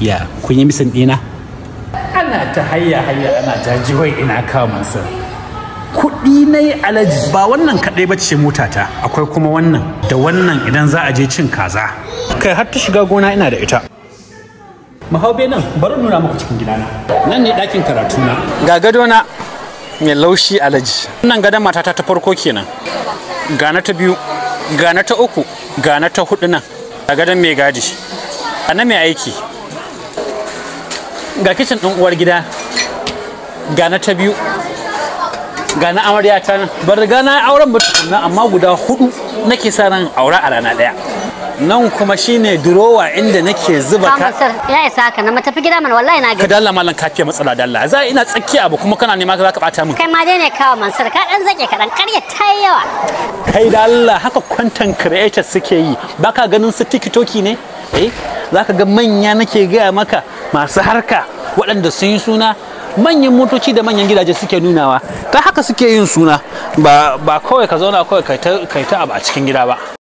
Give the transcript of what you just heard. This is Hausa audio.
ya kun yi misin dina ana ta hayya hayya ana ta jihoi ina kawo masu. kuɗi na yi alaji ba wannan kaɗai ba ce motata akwai kuma wannan da wannan idan za a je cin kaza kai har ta shiga gona ina da ita mahaube nan bari nuna muku cikin gidana nan ne ɗakin karatuna ga gadona mai laushi alaji wannan gadon matata ta farko kenan ga na ta biyu ga na ta uku ga na ta hudu nan a gadon mai gadi a nan mai aiki ga kicin ɗin uwar gida ga na ta biyu ga na amarya ta nan ba riga na auren mutukuna amma guda hudu nake sa ran aura a rana daya nan kuma shine durowa inda nake zuba ka ya isa ka na matafi gida mana wallahi na ga dalla mallan kafiya matsala dalla za ina tsakki abu kuma kana nema za ka bata min kai ma dai ne kawo mansur ka dan zake ka dan karya ta yawa kai da Allah haka content creators suke yi baka ganin su tiktoki ne eh zaka ga manya nake gaya maka masu harka waɗanda sun yi suna manyan motoci da manyan gidaje suke nunawa ta haka suke yin suna ba kawai ka zauna kawai kai ta abu a cikin gida ba